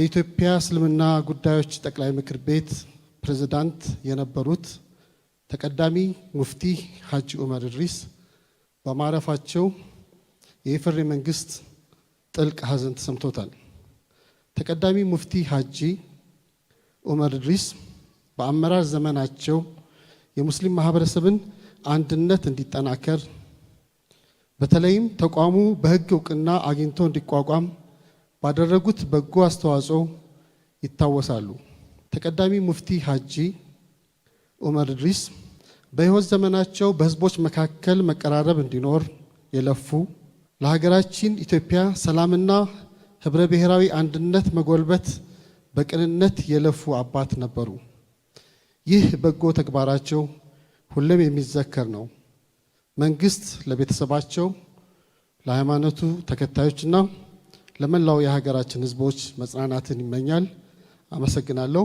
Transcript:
የኢትዮጵያ እስልምና ጉዳዮች ጠቅላይ ምክር ቤት ፕሬዝዳንት የነበሩት ተቀዳሚ ሙፍቲ ሐጂ ዑመር እድሪስ በማረፋቸው የኢፌዴሪ መንግስት ጥልቅ ሐዘን ተሰምቶታል። ተቀዳሚ ሙፍቲ ሐጂ ዑመር እድሪስ በአመራር ዘመናቸው የሙስሊም ማህበረሰብን አንድነት እንዲጠናከር በተለይም ተቋሙ በሕግ እውቅና አግኝቶ እንዲቋቋም ባደረጉት በጎ አስተዋጽኦ ይታወሳሉ። ተቀዳሚ ሙፍቲ ሀጂ ኡመር ድሪስ በሕይወት ዘመናቸው በሕዝቦች መካከል መቀራረብ እንዲኖር የለፉ ለሀገራችን ኢትዮጵያ ሰላምና ህብረ ብሔራዊ አንድነት መጎልበት በቅንነት የለፉ አባት ነበሩ። ይህ በጎ ተግባራቸው ሁሌም የሚዘከር ነው። መንግስት ለቤተሰባቸው፣ ለሃይማኖቱ ተከታዮችና ለመላው የሀገራችን ህዝቦች መጽናናትን ይመኛል። አመሰግናለሁ።